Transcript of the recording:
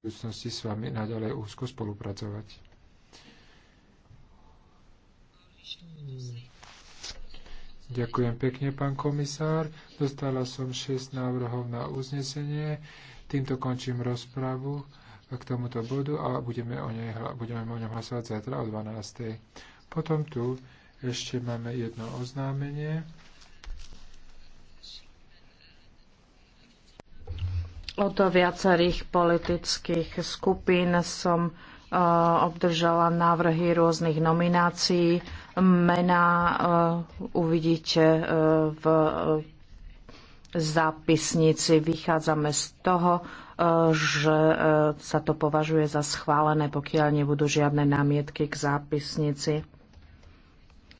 budúcnosti s vami naďalej úzko spolupracovať. Ďakujem pekne, pán komisár. Dostala som 6 návrhov na uznesenie. Týmto končím rozpravu k tomuto bodu a budeme o, nej, budeme o ňom hlasovať zajtra o 12. Potom tu ešte máme jedno oznámenie. Od viacerých politických skupín som e, obdržala návrhy rôznych nominácií. Mená e, uvidíte e, v zápisnici. Vychádzame z toho, že sa to považuje za schválené, pokiaľ nebudú žiadne námietky k zápisnici.